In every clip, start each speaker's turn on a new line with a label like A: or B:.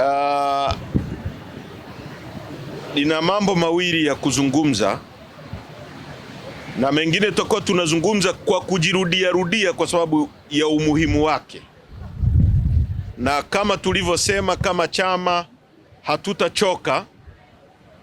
A: Uh, nina mambo mawili ya kuzungumza na mengine tutakuwa tunazungumza kwa kujirudia rudia kwa sababu ya umuhimu wake, na kama tulivyosema, kama chama hatutachoka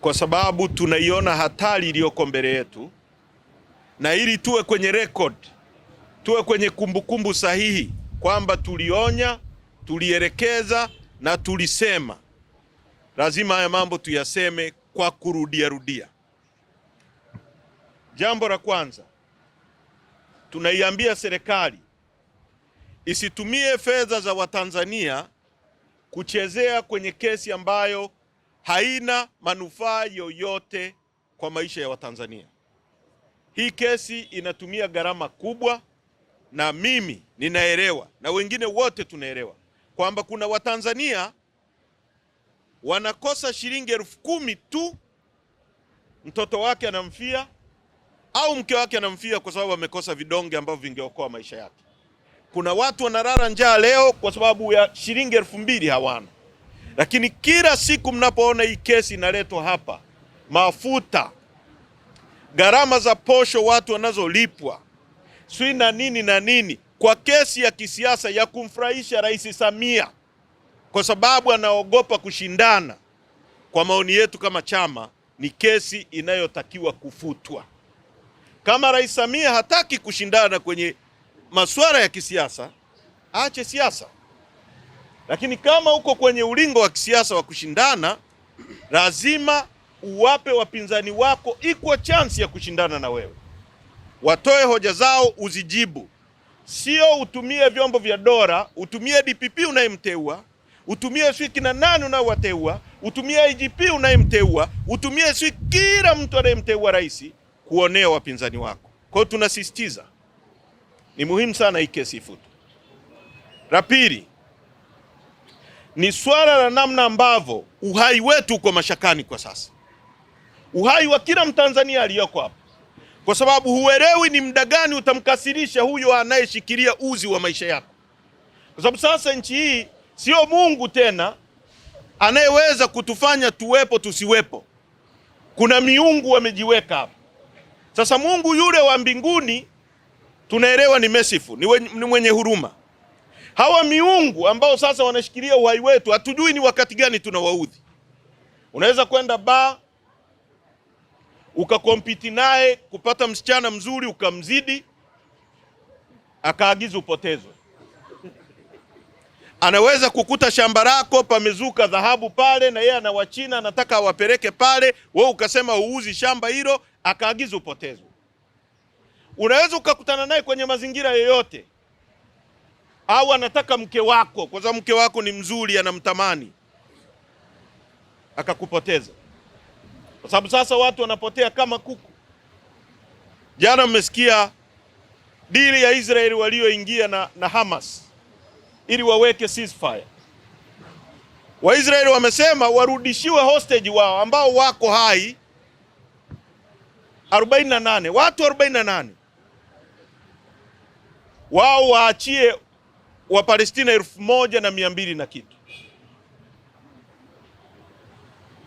A: kwa sababu tunaiona hatari iliyoko mbele yetu, na ili tuwe kwenye record, tuwe kwenye kumbukumbu sahihi kwamba tulionya, tulielekeza na tulisema lazima haya mambo tuyaseme kwa kurudia rudia. Jambo la kwanza, tunaiambia serikali isitumie fedha za Watanzania kuchezea kwenye kesi ambayo haina manufaa yoyote kwa maisha ya Watanzania. Hii kesi inatumia gharama kubwa, na mimi ninaelewa na wengine wote tunaelewa kwamba kuna Watanzania wanakosa shilingi elfu kumi tu, mtoto wake anamfia au mke wake anamfia kwa sababu amekosa vidonge ambavyo vingeokoa maisha yake. Kuna watu wanalala njaa leo kwa sababu ya shilingi elfu mbili hawana. Lakini kila siku mnapoona hii kesi inaletwa hapa, mafuta, gharama za posho watu wanazolipwa, swi na nini na nini, kwa kesi ya kisiasa ya kumfurahisha Rais Samia kwa sababu anaogopa kushindana, kwa maoni yetu kama chama, ni kesi inayotakiwa kufutwa. Kama Rais Samia hataki kushindana kwenye masuala ya kisiasa, aache siasa. Lakini kama uko kwenye ulingo wa kisiasa wa kushindana, lazima uwape wapinzani wako equal chance ya kushindana na wewe. Watoe hoja zao, uzijibu sio utumie vyombo vya dola, utumie DPP unayemteua, utumie sio kina nani unayowateua, utumie IGP unayemteua, utumie si kila mtu anayemteua rais kuonea wapinzani wako. Kwa hiyo tunasisitiza ni muhimu sana hii kesi ifutwe. La pili ni swala la namna ambavyo uhai wetu uko mashakani kwa sasa, uhai wa kila Mtanzania aliyoko hapa kwa sababu huelewi ni muda gani utamkasirisha huyo anayeshikilia uzi wa maisha yako, kwa sababu sasa nchi hii sio Mungu tena anayeweza kutufanya tuwepo tusiwepo. Kuna miungu wamejiweka hapa. Sasa Mungu yule wa mbinguni tunaelewa ni merciful, ni mwenye huruma. Hawa miungu ambao sasa wanashikilia uhai wetu hatujui ni wakati gani tunawaudhi. Unaweza kwenda baa ukakompiti naye kupata msichana mzuri ukamzidi, akaagiza upotezwe. Anaweza kukuta shamba lako pamezuka dhahabu pale, na yeye ana Wachina anataka awapeleke pale, wewe ukasema uuzi shamba hilo, akaagiza upotezwe. Unaweza ukakutana naye kwenye mazingira yoyote, au anataka mke wako, kwa sababu mke wako ni mzuri, anamtamani, akakupoteza kwa sababu sasa watu wanapotea kama kuku. Jana mmesikia dili ya Israeli walioingia na, na Hamas ili waweke ceasefire. Waisraeli wamesema warudishiwe hostage wao ambao wako hai 48 watu 48 wao waachie Wapalestina elfu moja na mia mbili na kitu.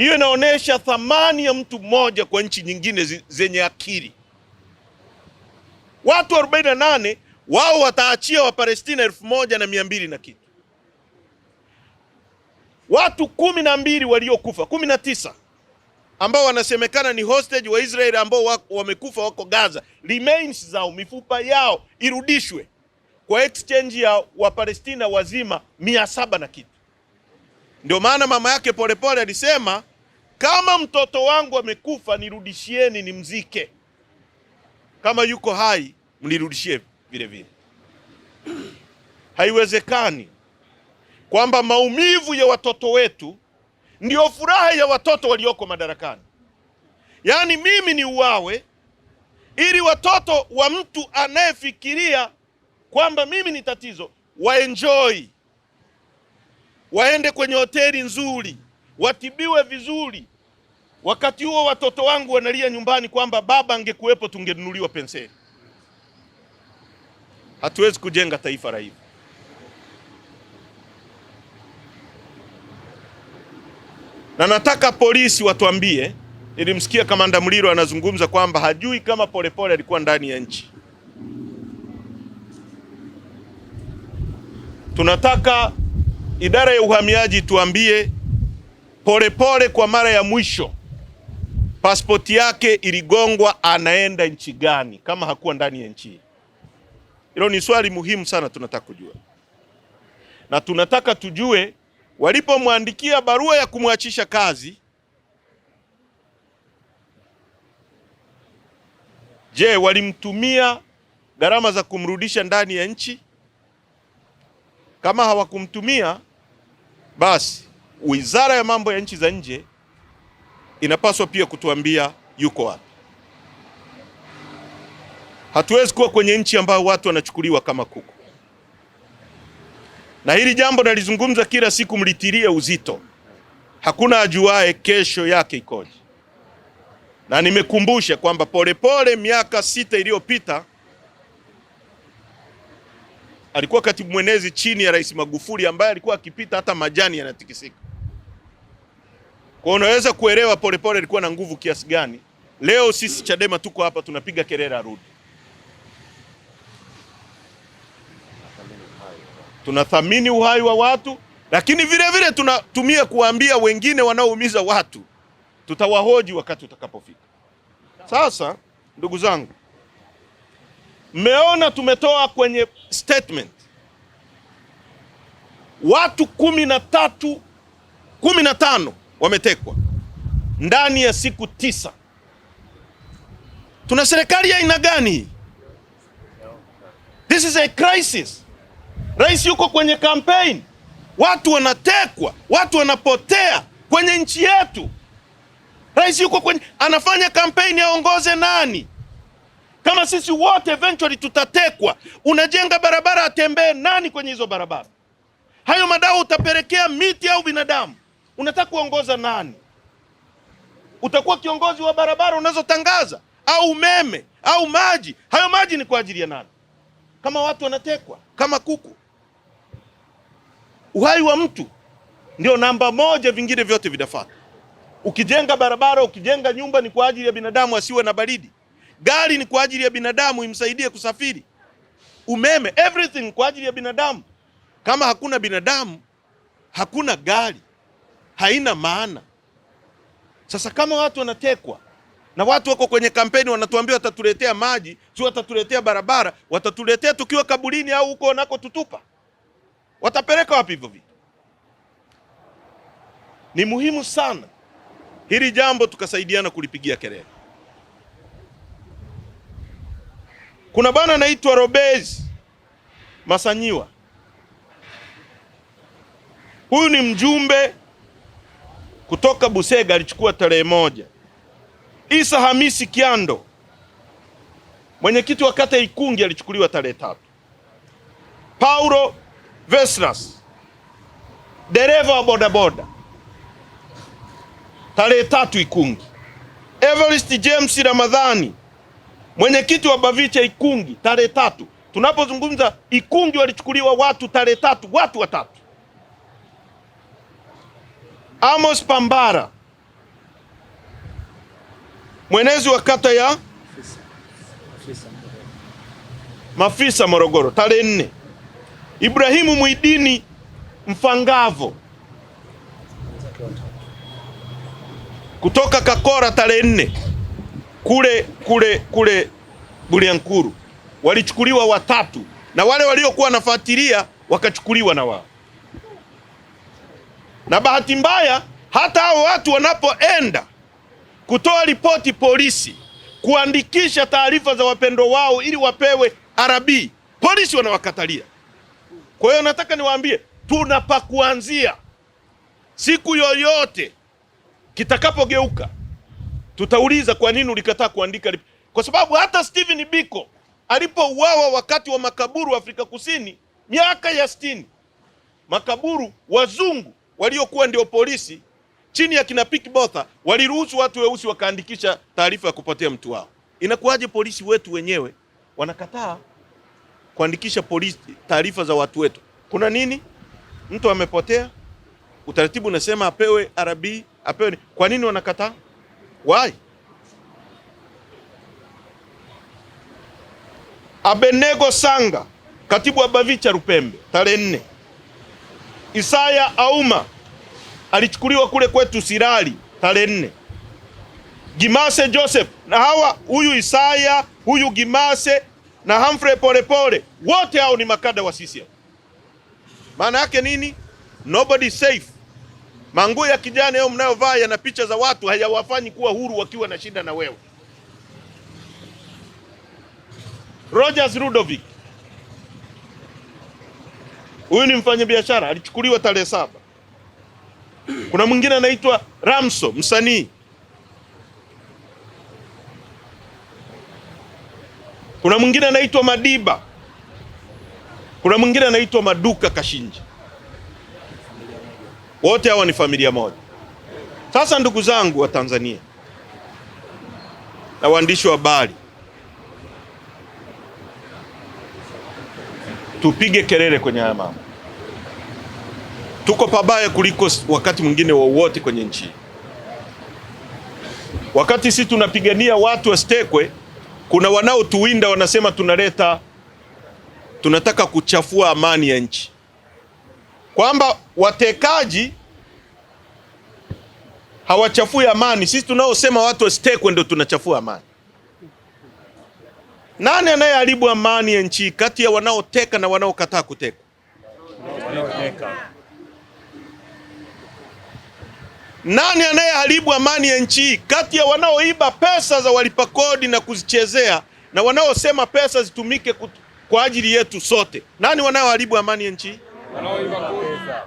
A: Hiyo inaonyesha thamani ya mtu mmoja kwa nchi nyingine zenye akili. Watu 48 wao wataachia Wapalestina elfu moja na mia mbili na kitu, watu kumi na mbili waliokufa, kumi na tisa ambao wanasemekana ni hostage wa Israeli ambao wamekufa wako Gaza. Remains zao mifupa yao irudishwe kwa exchange ya Wapalestina wazima mia saba na kitu. Ndio maana mama yake Polepole alisema kama mtoto wangu amekufa, nirudishieni nimzike. Kama yuko hai, mlirudishie vile vile. Haiwezekani kwamba maumivu ya watoto wetu ndio furaha ya watoto walioko madarakani. Yaani mimi ni uwawe ili watoto wa mtu anayefikiria kwamba mimi ni tatizo waenjoy, waende kwenye hoteli nzuri, watibiwe vizuri, Wakati huo watoto wangu wanalia nyumbani kwamba baba angekuwepo tungenunuliwa penseli. Hatuwezi kujenga taifa la hivi. Na nataka polisi watuambie. Nilimsikia Kamanda Mliro anazungumza kwamba hajui kama Polepole alikuwa ndani ya nchi. Tunataka idara ya uhamiaji tuambie Polepole kwa mara ya mwisho pasipoti yake iligongwa, anaenda nchi gani kama hakuwa ndani ya nchi? Hilo ni swali muhimu sana, tunataka kujua na tunataka tujue walipomwandikia barua ya kumwachisha kazi, je, walimtumia gharama za kumrudisha ndani ya nchi? Kama hawakumtumia, basi Wizara ya Mambo ya Nchi za Nje inapaswa pia kutuambia yuko wapi. Hatuwezi kuwa kwenye nchi ambayo watu wanachukuliwa kama kuku, na hili jambo nalizungumza kila siku, mlitilie uzito. Hakuna ajuae kesho yake ikoje, na nimekumbusha kwamba Polepole miaka sita iliyopita alikuwa katibu mwenezi chini ya Rais Magufuli, ambaye alikuwa akipita hata majani yanatikisika. Kwa unaweza kuelewa Polepole alikuwa na nguvu kiasi gani. Leo sisi Chadema tuko hapa tunapiga kelele arudi. Tunathamini uhai wa watu, lakini vile vile tunatumia kuwaambia wengine wanaoumiza watu, tutawahoji wakati utakapofika. Sasa ndugu zangu, mmeona tumetoa kwenye statement watu kumi na tatu kumi na tano wametekwa ndani ya siku tisa. Tuna serikali ya aina gani? This is a crisis. Rais yuko kwenye campaign, watu wanatekwa, watu wanapotea kwenye nchi yetu. Rais yuko kwenye, anafanya campaign, aongoze nani? Kama sisi wote eventually tutatekwa, unajenga barabara, atembee nani kwenye hizo barabara? Hayo madawa utapelekea miti au binadamu? Unataka kuongoza nani? Utakuwa kiongozi wa barabara unazotangaza au umeme au maji? Hayo maji ni kwa ajili ya nani kama watu wanatekwa kama kuku? Uhai wa mtu ndio namba moja, vingine vyote vinafata. Ukijenga barabara, ukijenga nyumba, ni kwa ajili ya binadamu asiwe na baridi. Gari ni kwa ajili ya binadamu imsaidie kusafiri. Umeme, everything kwa ajili ya binadamu. Kama hakuna binadamu, hakuna gari haina maana. Sasa kama watu wanatekwa na watu wako kwenye kampeni, wanatuambia watatuletea maji, si watatuletea barabara, watatuletea tukiwa kaburini au huko tutupa watapeleka wapi hivyo vitu? Ni muhimu sana hili jambo tukasaidiana kulipigia kelele. Kuna bwana anaitwa Robezi Masanyiwa, huyu ni mjumbe kutoka Busega alichukua tarehe moja. Isa Hamisi Kiando mwenyekiti wa kata Ikungi alichukuliwa tarehe tatu. Paulo Veslas dereva wa bodaboda tarehe tatu Ikungi. Everest James Ramadhani mwenyekiti wa Bavicha Ikungi tarehe tatu. Tunapozungumza Ikungi walichukuliwa watu tarehe tatu, watu watatu. Amos Pambara, mwenezi wa kata ya Mafisa Morogoro, tarehe nne. Ibrahimu Mwidini Mfangavo kutoka Kakora, tarehe nne, kule kule kule buliankuru walichukuliwa watatu, na wale waliokuwa wanafuatilia wakachukuliwa na wao. Na bahati mbaya hata hao watu wanapoenda kutoa ripoti polisi, kuandikisha taarifa za wapendwa wao ili wapewe RB, polisi wanawakatalia. Kwa hiyo nataka niwaambie, tuna pa kuanzia. Siku yoyote kitakapogeuka, tutauliza kwa nini ulikataa kuandika ripoti, kwa sababu hata Stephen Biko alipouawa wakati wa makaburu Afrika Kusini miaka ya sitini, makaburu wazungu waliokuwa ndio polisi chini ya kina Piki Botha waliruhusu watu weusi wakaandikisha taarifa ya kupotea mtu wao. Inakuwaje polisi wetu wenyewe wanakataa kuandikisha polisi taarifa za watu wetu? Kuna nini? Mtu amepotea, utaratibu unasema apewe RB, apewe. Kwa nini wanakataa? Why? Abenego Sanga, katibu wa Bavicha Rupembe, tarehe nne Isaya Auma alichukuliwa kule kwetu Sirali tarehe nne. Gimase Joseph na hawa, huyu Isaya huyu Gimase na Humphrey Polepole wote hao ni makada wa CCM. Maana yake nini? Nobody safe. Manguo ya kijani hayo mnayovaa yana picha za watu, hayawafanyi kuwa huru wakiwa na shida na wewe. Rogers Rudovic Huyu ni mfanyabiashara alichukuliwa tarehe saba. Kuna mwingine anaitwa Ramso msanii. Kuna mwingine anaitwa Madiba. Kuna mwingine anaitwa Maduka Kashinji. Wote hawa ni familia moja. Sasa ndugu zangu wa Tanzania na waandishi wa habari tupige kelele kwenye haya mambo. Tuko pabaya kuliko wakati mwingine wowote kwenye nchi. Wakati sisi tunapigania watu wasitekwe, kuna wanaotuwinda wanasema tunaleta, tunataka kuchafua amani ya nchi, kwamba watekaji hawachafui amani. Sisi tunaosema watu wasitekwe ndio tunachafua amani. Nani anayeharibu amani ya nchi kati ya wanaoteka na wanaokataa kuteka? Nani anayeharibu amani ya nchi kati ya wanaoiba pesa za walipa kodi na kuzichezea na wanaosema pesa zitumike kwa ajili yetu sote? Nani wanaoharibu amani ya nchi? Wanaoiba pesa.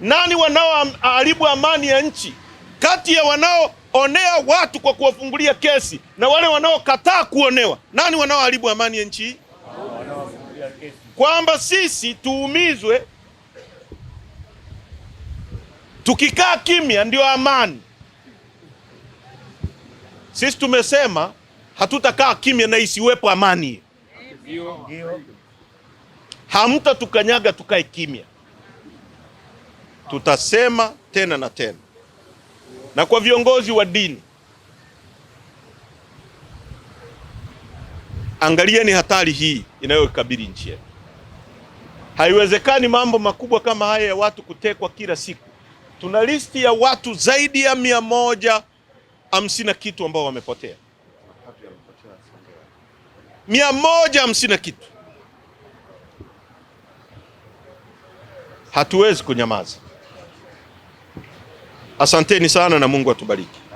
A: Nani wanaoharibu amani ya nchi kati ya wanao onea watu kwa kuwafungulia kesi, na wale wanaokataa kuonewa, nani wanaoharibu amani ya nchi hii? Kwamba sisi tuumizwe, tukikaa kimya ndio amani. Sisi tumesema hatutakaa kimya na isiwepo amani. Hamta tukanyaga tukae kimya, tutasema tena na tena na kwa viongozi wa dini, angalieni hatari hii inayokabili nchi yetu. Haiwezekani mambo makubwa kama haya ya watu kutekwa kila siku. Tuna listi ya watu zaidi ya mia moja hamsini na kitu ambao wamepotea, mia moja hamsini na kitu. Hatuwezi kunyamaza. Asanteni sana na Mungu atubariki.